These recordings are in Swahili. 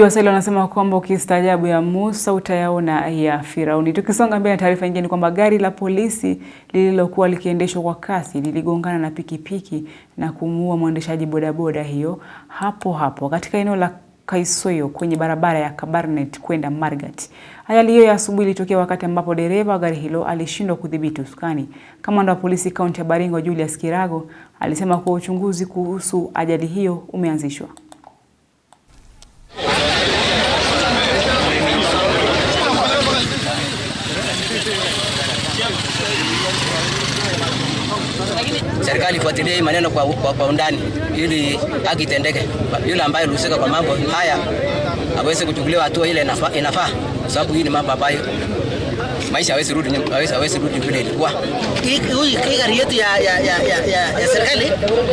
Waswahili wanasema kwamba ukistaajabu ya Musa utayaona ya Firauni. Tukisonga mbele na taarifa nyingine, kwamba gari la polisi lililokuwa likiendeshwa kwa kasi liligongana na pikipiki na kumuua mwendeshaji bodaboda hiyo hapo hapo katika eneo la Kaisoyo kwenye barabara ya Kabarnet kwenda Margat. Ajali hiyo ya asubuhi ilitokea wakati ambapo dereva wa gari hilo alishindwa kudhibiti usukani. Kamanda wa polisi kaunti ya Baringo, Julius Kirago, alisema kuwa uchunguzi kuhusu ajali hiyo umeanzishwa. serikali ifuatilie hii maneno kwa, kwa, kwa undani ili haki itendeke. Yule ambaye alihusika kwa mambo haya aweze kuchukuliwa hatua ile inafaa, inafaa kwa sababu hii ni mambo ambayo maisha hawezi rudi hawezi hawezi rudi vile ilikuwa. Hii gari yetu ya, ya, ya, ya, ya serikali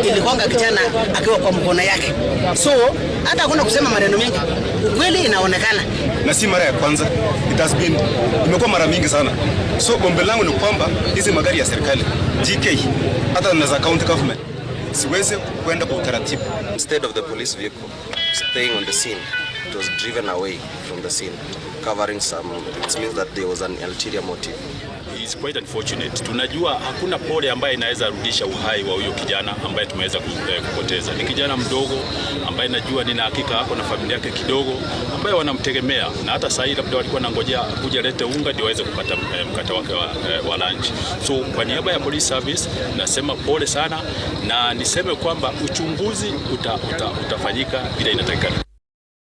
ilikonga kijana akiwa kwa mkono yake, so hata hakuna kusema maneno mengi, ukweli inaonekana na si mara ya kwanza, it has been imekuwa mara mingi sana. So gombe langu ni kwamba hizi magari ya serikali GK hata na za county government siweze kwenda kwa utaratibu. Instead of the police vehicle staying on the scene it was driven away from the scene covering some it means that there was an ulterior motive is quite unfortunate. Tunajua hakuna pole ambaye inaweza rudisha uhai wa huyo kijana ambaye tumeweza eh, kupoteza. Ni kijana mdogo ambaye najua nina hakika hapo na familia yake kidogo ambaye wanamtegemea, na hata sasa labda walikuwa nangojea kuja lete unga ndio waweze kupata eh, mkate wake wa, eh, wa lunch. So kwa niaba ya police service nasema pole sana, na niseme kwamba uchunguzi uta, uta, utafanyika bila inatakikana.